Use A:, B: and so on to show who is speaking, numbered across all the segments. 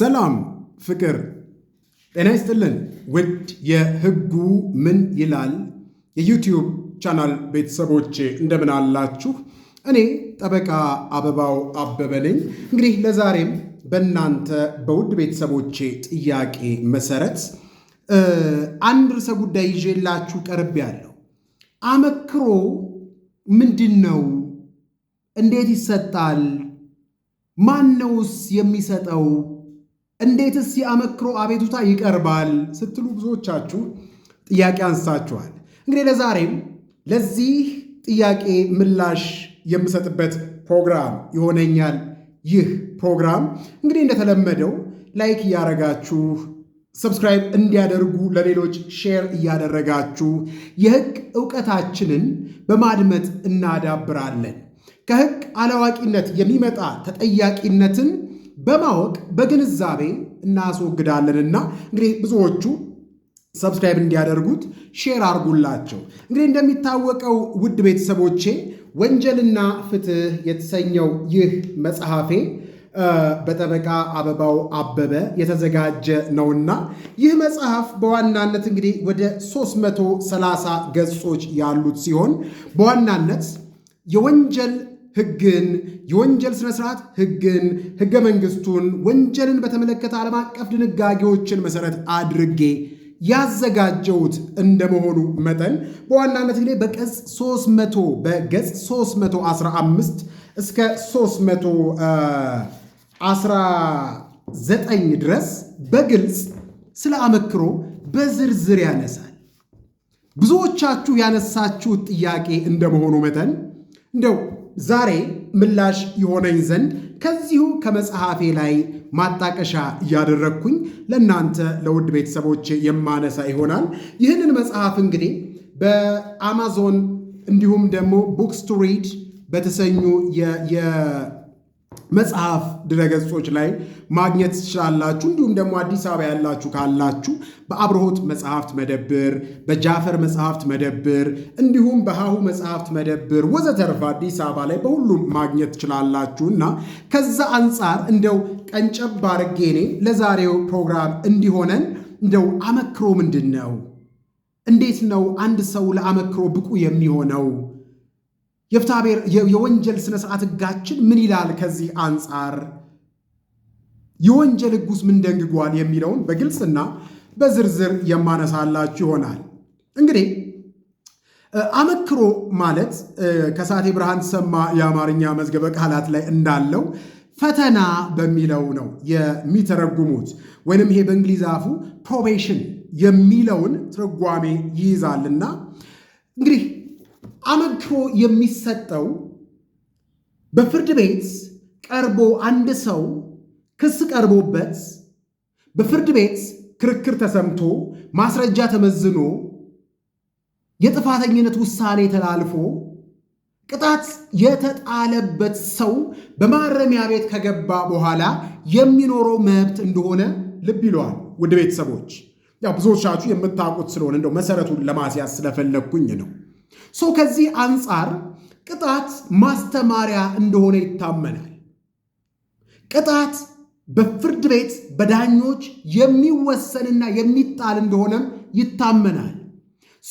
A: ሰላም ፍቅር ጤና ይስጥልን። ውድ የህጉ ምን ይላል የዩቲዩብ ቻናል ቤተሰቦች እንደምን አላችሁ? እኔ ጠበቃ አበባው አበበ ነኝ። እንግዲህ ለዛሬም በእናንተ በውድ ቤተሰቦቼ ጥያቄ መሰረት አንድ ርዕሰ ጉዳይ ይዤላችሁ ቀርብ ያለው አመክሮ ምንድን ነው? እንዴት ይሰጣል? ማን ነውስ የሚሰጠው እንዴትስ የአመክሮ አቤቱታ ይቀርባል ስትሉ ብዙዎቻችሁ ጥያቄ አንስታችኋል። እንግዲህ ለዛሬም ለዚህ ጥያቄ ምላሽ የምሰጥበት ፕሮግራም ይሆነኛል። ይህ ፕሮግራም እንግዲህ እንደተለመደው ላይክ እያደረጋችሁ ሰብስክራይብ እንዲያደርጉ ለሌሎች ሼር እያደረጋችሁ የህግ እውቀታችንን በማድመጥ እናዳብራለን። ከህግ አላዋቂነት የሚመጣ ተጠያቂነትን በማወቅ በግንዛቤ እናስወግዳለንና እንግዲህ ብዙዎቹ ሰብስክራይብ እንዲያደርጉት ሼር አርጉላቸው። እንግዲህ እንደሚታወቀው ውድ ቤተሰቦቼ ወንጀልና ፍትህ የተሰኘው ይህ መጽሐፌ በጠበቃ አበባው አበበ የተዘጋጀ ነውና ይህ መጽሐፍ በዋናነት እንግዲህ ወደ 330 ገጾች ያሉት ሲሆን በዋናነት የወንጀል ህግን የወንጀል ስነ ስርዓት ህግን፣ ህገ መንግስቱን፣ ወንጀልን በተመለከተ ዓለም አቀፍ ድንጋጌዎችን መሰረት አድርጌ ያዘጋጀውት እንደመሆኑ መጠን በዋናነት እንግዲህ በቀጽ 300 በገጽ 315 እስከ 319 ድረስ በግልጽ ስለ አመክሮ በዝርዝር ያነሳል። ብዙዎቻችሁ ያነሳችሁት ጥያቄ እንደመሆኑ መጠን እንደው ዛሬ ምላሽ የሆነኝ ዘንድ ከዚሁ ከመጽሐፌ ላይ ማጣቀሻ እያደረግኩኝ ለእናንተ ለውድ ቤተሰቦች የማነሳ ይሆናል። ይህንን መጽሐፍ እንግዲህ በአማዞን እንዲሁም ደግሞ ቡክስ ቱ ሪድ በተሰኙ መጽሐፍ ድረገጾች ላይ ማግኘት ትችላላችሁ። እንዲሁም ደግሞ አዲስ አበባ ያላችሁ ካላችሁ በአብርሆት መጽሐፍት መደብር፣ በጃፈር መጽሐፍት መደብር እንዲሁም በሃሁ መጽሐፍት መደብር ወዘተርፍ አዲስ አበባ ላይ በሁሉም ማግኘት ትችላላችሁ እና ከዛ አንጻር እንደው ቀንጨብ አድርጌ እኔ ለዛሬው ፕሮግራም እንዲሆነን እንደው አመክሮ ምንድን ነው? እንዴት ነው አንድ ሰው ለአመክሮ ብቁ የሚሆነው የፍትሐብሔር የወንጀል ስነ ስርዓት ህጋችን ምን ይላል? ከዚህ አንጻር የወንጀል ህጉስ ምን ደንግጓል የሚለውን በግልጽና በዝርዝር የማነሳላችሁ ይሆናል። እንግዲህ አመክሮ ማለት ከሳቴ ብርሃን ተሰማ የአማርኛ መዝገበ ቃላት ላይ እንዳለው ፈተና በሚለው ነው የሚተረጉሙት ወይንም ይሄ በእንግሊዝ አፉ ፕሮቤሽን የሚለውን ትርጓሜ ይይዛልና እንግዲህ አመክሮ የሚሰጠው በፍርድ ቤት ቀርቦ አንድ ሰው ክስ ቀርቦበት በፍርድ ቤት ክርክር ተሰምቶ ማስረጃ ተመዝኖ የጥፋተኝነት ውሳኔ ተላልፎ ቅጣት የተጣለበት ሰው በማረሚያ ቤት ከገባ በኋላ የሚኖረው መብት እንደሆነ ልብ ይለዋል። ውድ ቤተሰቦች፣ ያው ብዙዎቻችሁ የምታውቁት ስለሆነ እንደው መሰረቱን ለማስያዝ ስለፈለግኩኝ ነው። ሰው ከዚህ አንጻር ቅጣት ማስተማሪያ እንደሆነ ይታመናል። ቅጣት በፍርድ ቤት በዳኞች የሚወሰንና የሚጣል እንደሆነም ይታመናል።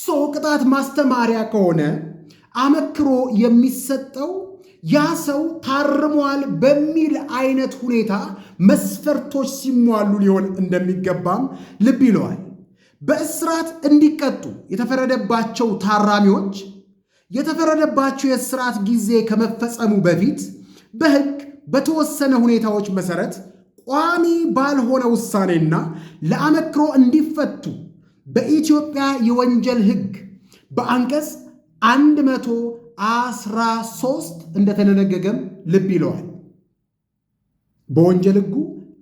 A: ሰው ቅጣት ማስተማሪያ ከሆነ አመክሮ የሚሰጠው ያ ሰው ታርሟል በሚል አይነት ሁኔታ መስፈርቶች ሲሟሉ ሊሆን እንደሚገባም ልብ ይለዋል። በእስራት እንዲቀጡ የተፈረደባቸው ታራሚዎች የተፈረደባቸው የእስራት ጊዜ ከመፈጸሙ በፊት በሕግ በተወሰነ ሁኔታዎች መሰረት ቋሚ ባልሆነ ውሳኔና ለአመክሮ እንዲፈቱ በኢትዮጵያ የወንጀል ሕግ በአንቀጽ 113 እንደተደነገገም ልብ ይለዋል። በወንጀል ሕጉ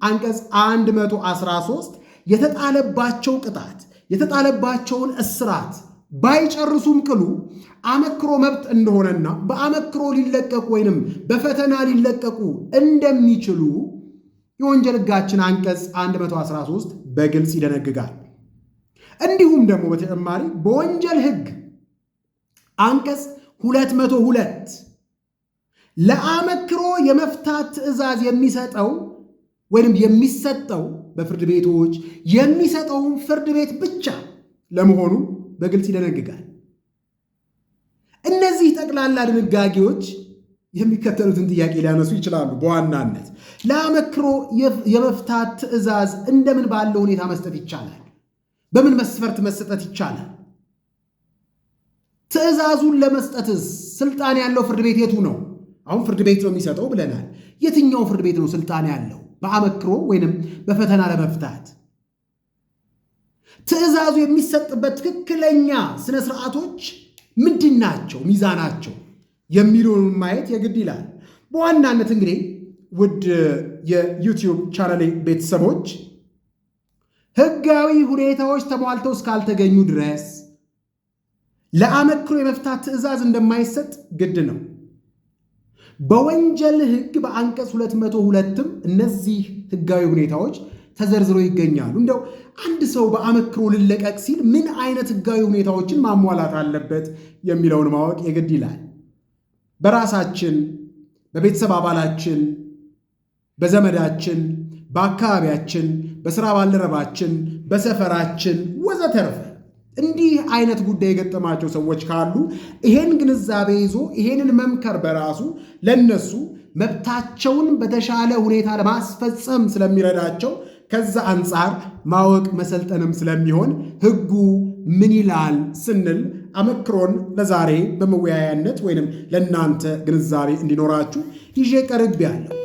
A: አንቀጽ 113 የተጣለባቸው ቅጣት የተጣለባቸውን እስራት ባይጨርሱም ቅሉ አመክሮ መብት እንደሆነና በአመክሮ ሊለቀቁ ወይንም በፈተና ሊለቀቁ እንደሚችሉ የወንጀል ሕጋችን አንቀጽ 113 በግልጽ ይደነግጋል። እንዲሁም ደግሞ በተጨማሪ በወንጀል ሕግ አንቀጽ 202 ለአመክሮ የመፍታት ትዕዛዝ የሚሰጠው ወይንም የሚሰጠው በፍርድ ቤቶች የሚሰጠውን ፍርድ ቤት ብቻ ለመሆኑ በግልጽ ይደነግጋል። እነዚህ ጠቅላላ ድንጋጌዎች የሚከተሉትን ጥያቄ ሊያነሱ ይችላሉ። በዋናነት ለአመክሮ የመፍታት ትዕዛዝ እንደምን ባለው ሁኔታ መስጠት ይቻላል? በምን መስፈርት መሰጠት ይቻላል? ትዕዛዙን ለመስጠትስ ስልጣን ያለው ፍርድ ቤት የቱ ነው? አሁን ፍርድ ቤት ነው የሚሰጠው ብለናል። የትኛው ፍርድ ቤት ነው ስልጣን ያለው? በአመክሮ ወይንም በፈተና ለመፍታት ትዕዛዙ የሚሰጥበት ትክክለኛ ስነ ስርዓቶች ምንድን ናቸው፣ ሚዛናቸው የሚሉን ማየት የግድ ይላል። በዋናነት እንግዲህ ውድ የዩቲዩብ ቻናሌ ቤተሰቦች ህጋዊ ሁኔታዎች ተሟልተው እስካልተገኙ ድረስ ለአመክሮ የመፍታት ትዕዛዝ እንደማይሰጥ ግድ ነው። በወንጀል ህግ በአንቀጽ 202ም እነዚህ ህጋዊ ሁኔታዎች ተዘርዝረው ይገኛሉ። እንደው አንድ ሰው በአመክሮ ልለቀቅ ሲል ምን አይነት ህጋዊ ሁኔታዎችን ማሟላት አለበት የሚለውን ማወቅ የግድ ይላል። በራሳችን በቤተሰብ አባላችን፣ በዘመዳችን፣ በአካባቢያችን፣ በስራ ባልደረባችን፣ በሰፈራችን ወዘተርፈ እንዲህ አይነት ጉዳይ የገጠማቸው ሰዎች ካሉ ይሄን ግንዛቤ ይዞ ይሄንን መምከር በራሱ ለነሱ መብታቸውን በተሻለ ሁኔታ ለማስፈጸም ስለሚረዳቸው ከዛ አንጻር ማወቅ መሰልጠንም ስለሚሆን ህጉ ምን ይላል ስንል አመክሮን ለዛሬ በመወያያነት ወይንም ለእናንተ ግንዛቤ እንዲኖራችሁ ይዤ ቀርቤ ያለው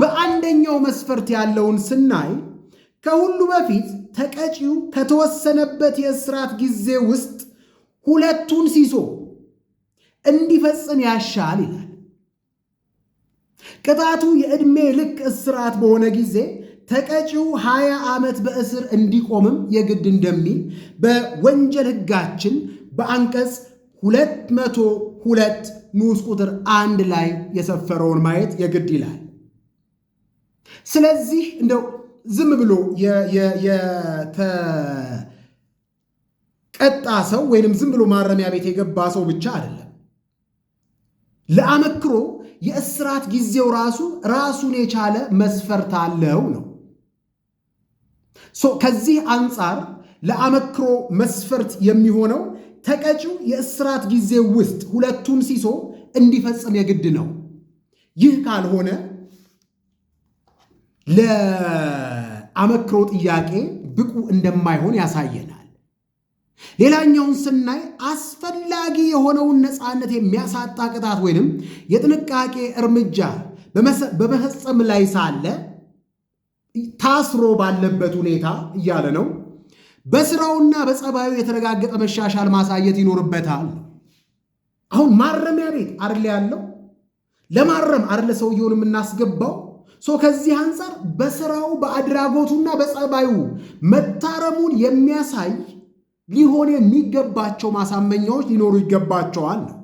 A: በአንደኛው መስፈርት ያለውን ስናይ ከሁሉ በፊት ተቀጪው ከተወሰነበት የእስራት ጊዜ ውስጥ ሁለቱን ሲሶ እንዲፈጽም ያሻል ይላል። ቅጣቱ የዕድሜ ልክ እስራት በሆነ ጊዜ ተቀጪው ሀያ ዓመት በእስር እንዲቆምም የግድ እንደሚል በወንጀል ሕጋችን በአንቀጽ ሁለት መቶ ሁለት ንዑስ ቁጥር አንድ ላይ የሰፈረውን ማየት የግድ ይላል። ስለዚህ እንደው ዝም ብሎ የተቀጣ ሰው ወይንም ዝም ብሎ ማረሚያ ቤት የገባ ሰው ብቻ አይደለም። ለአመክሮ የእስራት ጊዜው ራሱ ራሱን የቻለ መስፈርት አለው ነው። ከዚህ አንጻር ለአመክሮ መስፈርት የሚሆነው ተቀጪው የእስራት ጊዜ ውስጥ ሁለቱን ሲሶ እንዲፈጽም የግድ ነው። ይህ ካልሆነ ለአመክሮ ጥያቄ ብቁ እንደማይሆን ያሳየናል። ሌላኛውን ስናይ አስፈላጊ የሆነውን ነፃነት የሚያሳጣ ቅጣት ወይንም የጥንቃቄ እርምጃ በመፈጸም ላይ ሳለ ታስሮ ባለበት ሁኔታ እያለ ነው። በስራውና በጸባዩ የተረጋገጠ መሻሻል ማሳየት ይኖርበታል። አሁን ማረሚያ ቤት አርለ ያለው ለማረም አርለ ሰውየውን የምናስገባው ሶ ከዚህ አንጻር በስራው በአድራጎቱና በጸባዩ መታረሙን የሚያሳይ ሊሆን የሚገባቸው ማሳመኛዎች ሊኖሩ ይገባቸዋል ነው።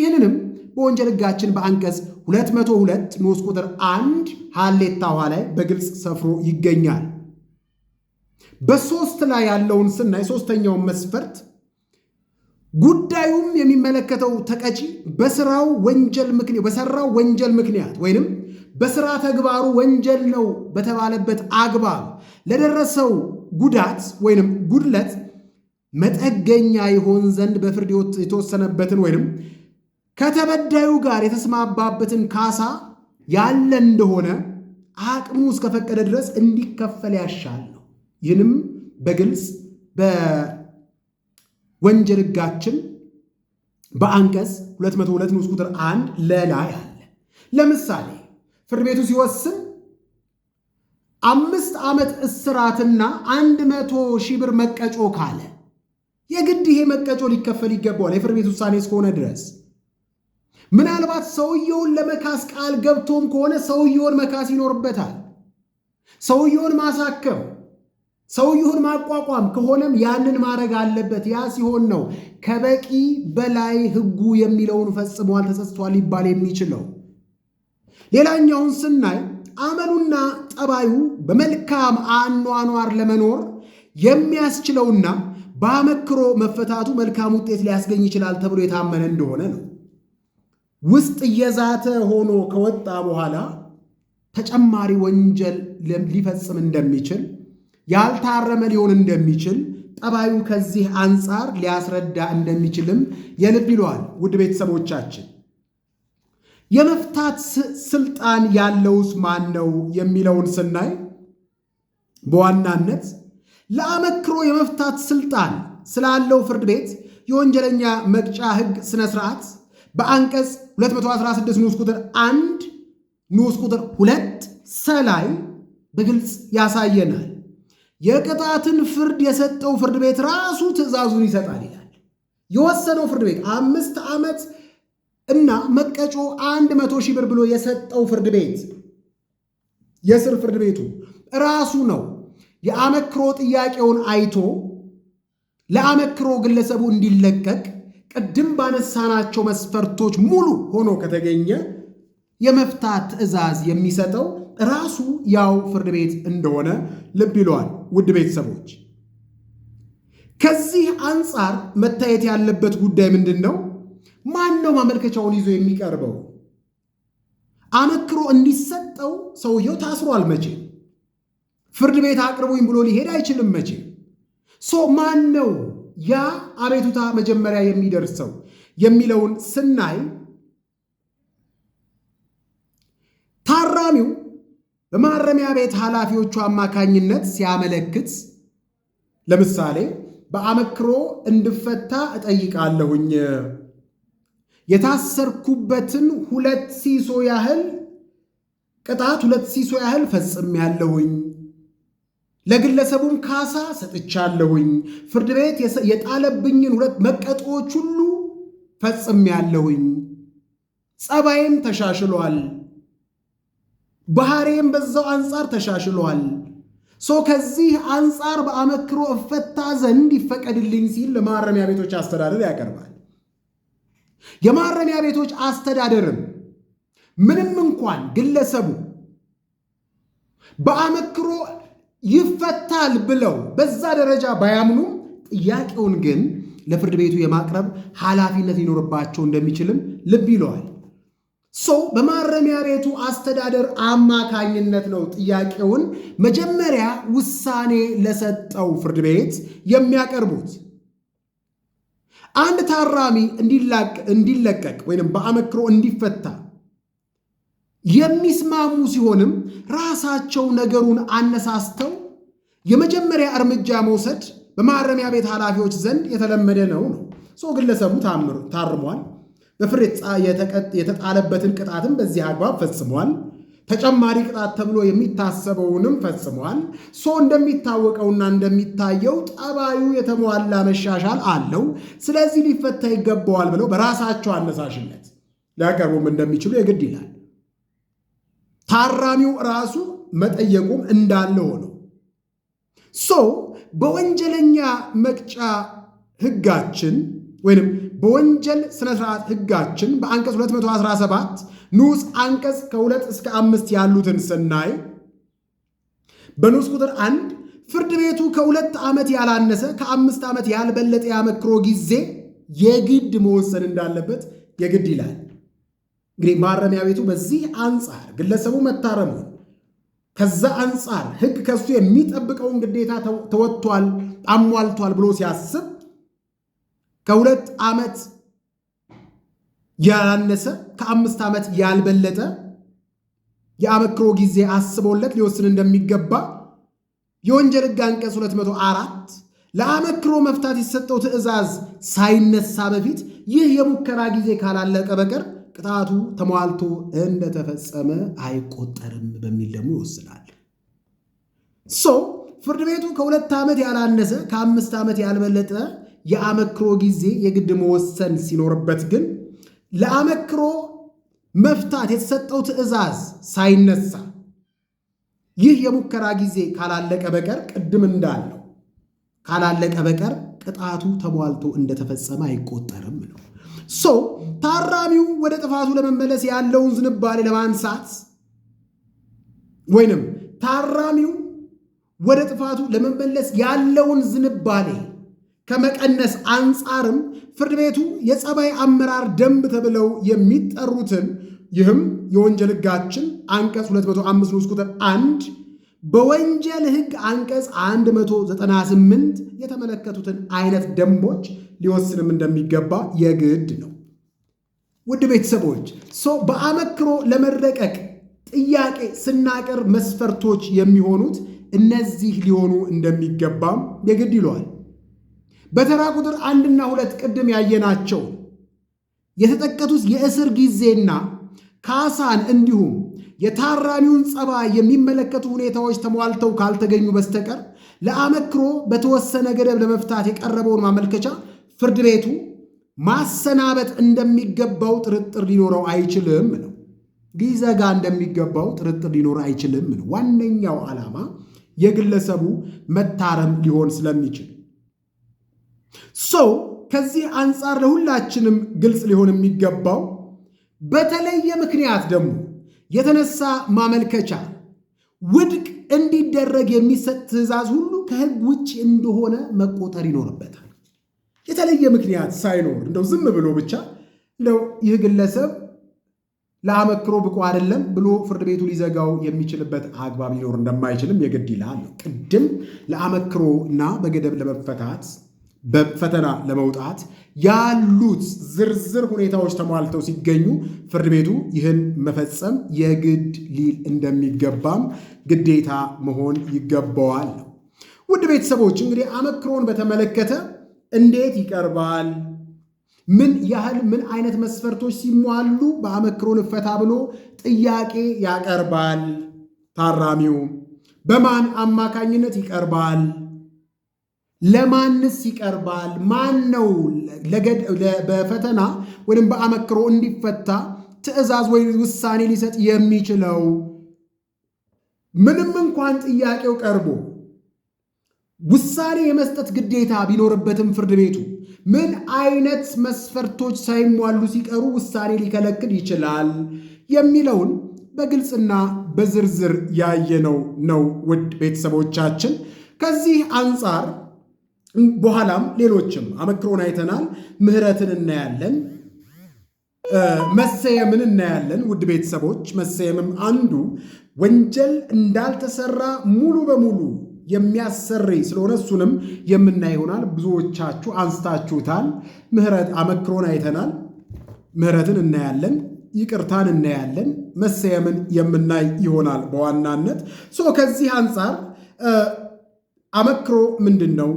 A: ይህንንም በወንጀል ሕጋችን በአንቀጽ 202 ንዑስ ቁጥር 1 ሀሌታ ውሃ ላይ በግልጽ ሰፍሮ ይገኛል። በሶስት ላይ ያለውን ስናይ ሶስተኛውን መስፈርት ጉዳዩም የሚመለከተው ተቀጪ በስራው ወንጀል ምክንያት በሰራው ወንጀል ምክንያት ወይንም በስራ ተግባሩ ወንጀል ነው በተባለበት አግባብ ለደረሰው ጉዳት ወይንም ጉድለት መጠገኛ ይሆን ዘንድ በፍርድ የተወሰነበትን ወይንም ከተበዳዩ ጋር የተስማባበትን ካሳ ያለ እንደሆነ አቅሙ እስከፈቀደ ድረስ እንዲከፈል ያሻል ነው። ይህንም በግልጽ በወንጀል ሕጋችን በአንቀጽ 202 ንዑስ ቁጥር 1 ለላይ አለ። ለምሳሌ ፍርድ ቤቱ ሲወስን አምስት ዓመት እስራትና አንድ መቶ ሺህ ብር መቀጮ ካለ የግድ ይሄ መቀጮ ሊከፈል ይገባዋል። የፍርድ ቤት ውሳኔ እስከሆነ ድረስ ምናልባት ሰውየውን ለመካስ ቃል ገብቶም ከሆነ ሰውየውን መካስ ይኖርበታል። ሰውየውን ማሳከም፣ ሰውየውን ማቋቋም ከሆነም ያንን ማድረግ አለበት። ያ ሲሆን ነው ከበቂ በላይ ሕጉ የሚለውን ፈጽሟል፣ ተጸጽቷል ሊባል የሚችለው። ሌላኛውን ስናይ አመሉና ጠባዩ በመልካም አኗኗር ለመኖር የሚያስችለውና በአመክሮ መፈታቱ መልካም ውጤት ሊያስገኝ ይችላል ተብሎ የታመነ እንደሆነ ነው። ውስጥ እየዛተ ሆኖ ከወጣ በኋላ ተጨማሪ ወንጀል ሊፈጽም እንደሚችል ያልታረመ ሊሆን እንደሚችል ጠባዩ ከዚህ አንጻር ሊያስረዳ እንደሚችልም የልብ ይለዋል። ውድ ቤተሰቦቻችን የመፍታት ስልጣን ያለውስ ማን ነው የሚለውን ስናይ በዋናነት ለአመክሮ የመፍታት ስልጣን ስላለው ፍርድ ቤት የወንጀለኛ መቅጫ ሕግ ስነ ስርዓት በአንቀጽ 216 ንዑስ ቁጥር 1 ንዑስ ቁጥር 2 ሰላይ በግልጽ ያሳየናል። የቅጣትን ፍርድ የሰጠው ፍርድ ቤት ራሱ ትዕዛዙን ይሰጣል ይላል። የወሰነው ፍርድ ቤት አምስት ዓመት እና መቀጮ አንድ መቶ ሺህ ብር ብሎ የሰጠው ፍርድ ቤት የስር ፍርድ ቤቱ ራሱ ነው የአመክሮ ጥያቄውን አይቶ ለአመክሮ ግለሰቡ እንዲለቀቅ ቅድም ባነሳናቸው መስፈርቶች ሙሉ ሆኖ ከተገኘ የመፍታት ትዕዛዝ የሚሰጠው ራሱ ያው ፍርድ ቤት እንደሆነ ልብ ይለዋል። ውድ ቤተሰቦች፣ ከዚህ አንጻር መታየት ያለበት ጉዳይ ምንድን ነው? ማን ነው ማመልከቻውን ይዞ የሚቀርበው? አመክሮ እንዲሰጠው ሰውየው ታስሯል። መቼ ፍርድ ቤት አቅርቡኝ ብሎ ሊሄድ አይችልም። መቼ ሶ ማን ነው ያ አቤቱታ መጀመሪያ የሚደርሰው የሚለውን ስናይ ታራሚው በማረሚያ ቤት ኃላፊዎቹ አማካኝነት ሲያመለክት ለምሳሌ በአመክሮ እንድፈታ እጠይቃለሁኝ የታሰርኩበትን ሁለት ሲሶ ያህል ቅጣት ሁለት ሲሶ ያህል ፈጽም ያለውኝ ለግለሰቡም ካሳ ሰጥቻለሁኝ። ፍርድ ቤት የጣለብኝን ሁለት መቀጦዎች ሁሉ ፈጽም ያለውኝ ጸባይም ተሻሽሏል። ባህሬም በዛው አንጻር ተሻሽሏል። ሶ ከዚህ አንጻር በአመክሮ እፈታ ዘንድ ይፈቀድልኝ ሲል ለማረሚያ ቤቶች አስተዳደር ያቀርባል። የማረሚያ ቤቶች አስተዳደርም ምንም እንኳን ግለሰቡ በአመክሮ ይፈታል ብለው በዛ ደረጃ ባያምኑ ጥያቄውን ግን ለፍርድ ቤቱ የማቅረብ ኃላፊነት ሊኖርባቸው እንደሚችልም ልብ ይለዋል። ሰው በማረሚያ ቤቱ አስተዳደር አማካኝነት ነው ጥያቄውን መጀመሪያ ውሳኔ ለሰጠው ፍርድ ቤት የሚያቀርቡት። አንድ ታራሚ እንዲለቀቅ ወይም በአመክሮ እንዲፈታ የሚስማሙ ሲሆንም ራሳቸው ነገሩን አነሳስተው የመጀመሪያ እርምጃ መውሰድ በማረሚያ ቤት ኃላፊዎች ዘንድ የተለመደ ነው ነው ሰው ግለሰቡ ታርሟል፣ በፍሬ የተጣለበትን ቅጣትም በዚህ አግባብ ፈጽሟል። ተጨማሪ ቅጣት ተብሎ የሚታሰበውንም ፈጽሟል። ሶ እንደሚታወቀውና እንደሚታየው ጠባዩ የተሟላ መሻሻል አለው። ስለዚህ ሊፈታ ይገባዋል ብለው በራሳቸው አነሳሽነት ሊያቀርቡም እንደሚችሉ የግድ ይላል። ታራሚው ራሱ መጠየቁም እንዳለ ሆኖ ሶ በወንጀለኛ መቅጫ ሕጋችን ወይም በወንጀል ስነ ስርዓት ህጋችን በአንቀጽ 217 ንዑስ አንቀጽ ከሁለት እስከ አምስት ያሉትን ስናይ በንዑስ ቁጥር አንድ ፍርድ ቤቱ ከሁለት ዓመት ያላነሰ ከአምስት ዓመት ያልበለጠ ያመክሮ ጊዜ የግድ መወሰን እንዳለበት የግድ ይላል። እንግዲህ ማረሚያ ቤቱ በዚህ አንጻር ግለሰቡ መታረሙን ከዛ አንጻር ህግ ከሱ የሚጠብቀውን ግዴታ ተወጥቷል፣ አሟልቷል ብሎ ሲያስብ ከሁለት ዓመት ያላነሰ ከአምስት ዓመት ያልበለጠ የአመክሮ ጊዜ አስቦለት ሊወስን እንደሚገባ የወንጀል ሕግ አንቀጽ 204 ለአመክሮ መፍታት የተሰጠው ትዕዛዝ ሳይነሳ በፊት ይህ የሙከራ ጊዜ ካላለቀ በቀር ቅጣቱ ተሟልቶ እንደተፈጸመ አይቆጠርም በሚል ደግሞ ይወስናል። ሶ ፍርድ ቤቱ ከሁለት ዓመት ያላነሰ ከአምስት ዓመት ያልበለጠ የአመክሮ ጊዜ የግድ መወሰን ሲኖርበት ግን ለአመክሮ መፍታት የተሰጠው ትዕዛዝ ሳይነሳ ይህ የሙከራ ጊዜ ካላለቀ በቀር ቅድም እንዳለው ካላለቀ በቀር ቅጣቱ ተሟልቶ እንደተፈጸመ አይቆጠርም ነው። ሶ ታራሚው ወደ ጥፋቱ ለመመለስ ያለውን ዝንባሌ ለማንሳት ወይንም ታራሚው ወደ ጥፋቱ ለመመለስ ያለውን ዝንባሌ ከመቀነስ አንጻርም ፍርድ ቤቱ የጸባይ አመራር ደንብ ተብለው የሚጠሩትን ይህም የወንጀል ሕጋችን አንቀጽ 205 ንዑስ ቁጥር 1 በወንጀል ሕግ አንቀጽ 198 የተመለከቱትን አይነት ደንቦች ሊወስንም እንደሚገባ የግድ ነው። ውድ ቤተሰቦች ሰው በአመክሮ ለመረቀቅ ጥያቄ ስናቀር መስፈርቶች የሚሆኑት እነዚህ ሊሆኑ እንደሚገባም የግድ ይለዋል። በተራ ቁጥር አንድና ሁለት ቅድም ያየናቸው የተጠቀሱት የእስር ጊዜና ካሳን እንዲሁም የታራሚውን ጸባይ የሚመለከቱ ሁኔታዎች ተሟልተው ካልተገኙ በስተቀር ለአመክሮ በተወሰነ ገደብ ለመፍታት የቀረበውን ማመልከቻ ፍርድ ቤቱ ማሰናበት እንደሚገባው ጥርጥር ሊኖረው አይችልም ነው። ሊዘጋ እንደሚገባው ጥርጥር ሊኖረው አይችልም ነው። ዋነኛው ዓላማ የግለሰቡ መታረም ሊሆን ስለሚችል ሰው ከዚህ አንጻር ለሁላችንም ግልጽ ሊሆን የሚገባው በተለየ ምክንያት ደግሞ የተነሳ ማመልከቻ ውድቅ እንዲደረግ የሚሰጥ ትዕዛዝ ሁሉ ከሕግ ውጭ እንደሆነ መቆጠር ይኖርበታል። የተለየ ምክንያት ሳይኖር እንደው ዝም ብሎ ብቻ እንደው ይህ ግለሰብ ለአመክሮ ብቁ አይደለም ብሎ ፍርድ ቤቱ ሊዘጋው የሚችልበት አግባብ ሊኖር እንደማይችልም የግድ ይላል። ቅድም ለአመክሮ እና በገደብ ለመፈታት በፈተና ለመውጣት ያሉት ዝርዝር ሁኔታዎች ተሟልተው ሲገኙ ፍርድ ቤቱ ይህን መፈጸም የግድ ሊል እንደሚገባም ግዴታ መሆን ይገባዋል። ውድ ቤተሰቦች እንግዲህ አመክሮን በተመለከተ እንዴት ይቀርባል? ምን ያህል ምን አይነት መስፈርቶች ሲሟሉ በአመክሮ ልፈታ ብሎ ጥያቄ ያቀርባል? ታራሚው በማን አማካኝነት ይቀርባል? ለማንስ ይቀርባል? ማን ነው በፈተና ወይም በአመክሮ እንዲፈታ ትዕዛዝ ወይ ውሳኔ ሊሰጥ የሚችለው? ምንም እንኳን ጥያቄው ቀርቦ ውሳኔ የመስጠት ግዴታ ቢኖርበትም ፍርድ ቤቱ ምን አይነት መስፈርቶች ሳይሟሉ ሲቀሩ ውሳኔ ሊከለክል ይችላል የሚለውን በግልጽና በዝርዝር ያየነው ነው። ውድ ቤተሰቦቻችን ከዚህ አንጻር በኋላም ሌሎችም አመክሮን አይተናል። ምህረትን እናያለን። መሰየምን እናያለን። ውድ ቤተሰቦች መሰየምም አንዱ ወንጀል እንዳልተሰራ ሙሉ በሙሉ የሚያሰሪ ስለሆነ እሱንም የምናይ ይሆናል። ብዙዎቻችሁ አንስታችሁታል። ምህረት አመክሮን አይተናል። ምህረትን እናያለን። ይቅርታን እናያለን። መሰየምን የምናይ ይሆናል በዋናነት ከዚህ አንጻር አመክሮ ምንድን ነው?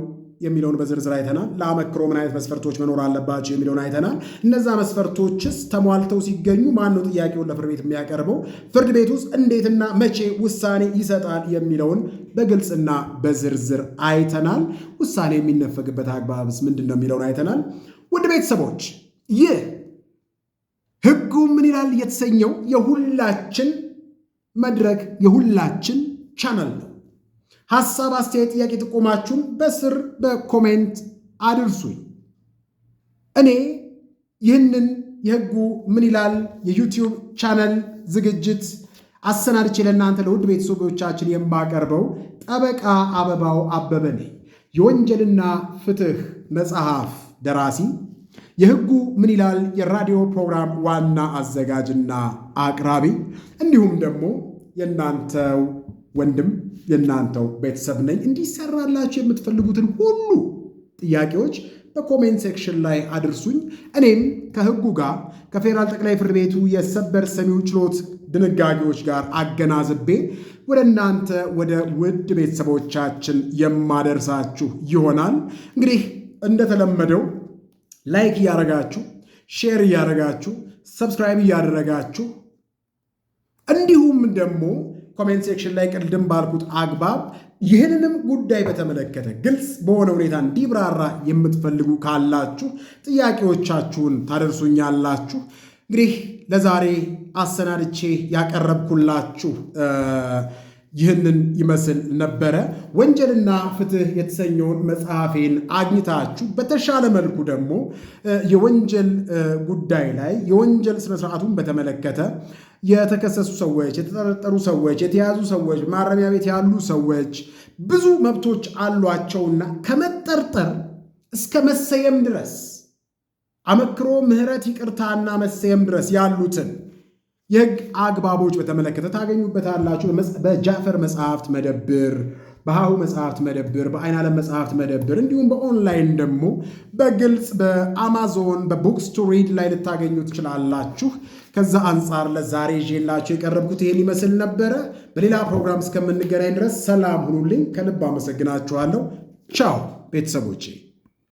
A: የሚለውን በዝርዝር አይተናል። ለአመክሮ ምን አይነት መስፈርቶች መኖር አለባቸው የሚለውን አይተናል። እነዛ መስፈርቶችስ ተሟልተው ሲገኙ ማን ነው ጥያቄውን ለፍርድ ቤት የሚያቀርበው? ፍርድ ቤት ውስጥ እንዴትና መቼ ውሳኔ ይሰጣል የሚለውን በግልጽና በዝርዝር አይተናል። ውሳኔ የሚነፈግበት አግባብስ ምንድን ነው የሚለውን አይተናል። ውድ ቤተሰቦች ይህ ህጉ ምን ይላል የተሰኘው የሁላችን መድረክ የሁላችን ቻናል ነው። ሀሳብ፣ አስተያየት፣ ጥያቄ ጥቆማችሁን በስር በኮሜንት አድርሱኝ። እኔ ይህንን የህጉ ምን ይላል የዩቲዩብ ቻነል ዝግጅት አሰናድቼ ለእናንተ ለውድ ቤተሰቦቻችን የማቀርበው ጠበቃ አበባው አበበ ነኝ። የወንጀልና ፍትህ መጽሐፍ ደራሲ፣ የህጉ ምን ይላል የራዲዮ ፕሮግራም ዋና አዘጋጅና አቅራቢ እንዲሁም ደግሞ የእናንተው ወንድም የእናንተው ቤተሰብ ነኝ። እንዲሰራላችሁ የምትፈልጉትን ሁሉ ጥያቄዎች በኮሜንት ሴክሽን ላይ አድርሱኝ። እኔም ከህጉ ጋር ከፌዴራል ጠቅላይ ፍርድ ቤቱ የሰበር ሰሚው ችሎት ድንጋጌዎች ጋር አገናዝቤ ወደ እናንተ ወደ ውድ ቤተሰቦቻችን የማደርሳችሁ ይሆናል። እንግዲህ እንደተለመደው ላይክ እያደረጋችሁ፣ ሼር እያደረጋችሁ፣ ሰብስክራይብ እያደረጋችሁ እንዲሁም ደግሞ ኮሜንት ሴክሽን ላይ ቅድም ባልኩት አግባብ ይህንንም ጉዳይ በተመለከተ ግልጽ በሆነ ሁኔታ እንዲብራራ የምትፈልጉ ካላችሁ ጥያቄዎቻችሁን ታደርሱኛላችሁ። እንግዲህ ለዛሬ አሰናድቼ ያቀረብኩላችሁ ይህንን ይመስል ነበረ። ወንጀልና ፍትህ የተሰኘውን መጽሐፌን አግኝታችሁ በተሻለ መልኩ ደግሞ የወንጀል ጉዳይ ላይ የወንጀል ስነስርዓቱን በተመለከተ የተከሰሱ ሰዎች፣ የተጠረጠሩ ሰዎች፣ የተያዙ ሰዎች፣ ማረሚያ ቤት ያሉ ሰዎች ብዙ መብቶች አሏቸውና ከመጠርጠር እስከ መሰየም ድረስ አመክሮ ምሕረት፣ ይቅርታና መሰየም ድረስ ያሉትን የህግ አግባቦች በተመለከተ ታገኙበታላችሁ። በጃፈር መጽሐፍት መደብር፣ በሀሁ መጽሐፍት መደብር፣ በአይን ዓለም መጽሐፍት መደብር እንዲሁም በኦንላይን ደግሞ በግልጽ በአማዞን በቡክስ ቱ ሪድ ላይ ልታገኙ ትችላላችሁ። ከዛ አንጻር ለዛሬ ይዤላችሁ የቀረብኩት ይሄ ሊመስል ነበረ። በሌላ ፕሮግራም እስከምንገናኝ ድረስ ሰላም ሁኑልኝ። ከልብ አመሰግናችኋለሁ። ቻው ቤተሰቦቼ።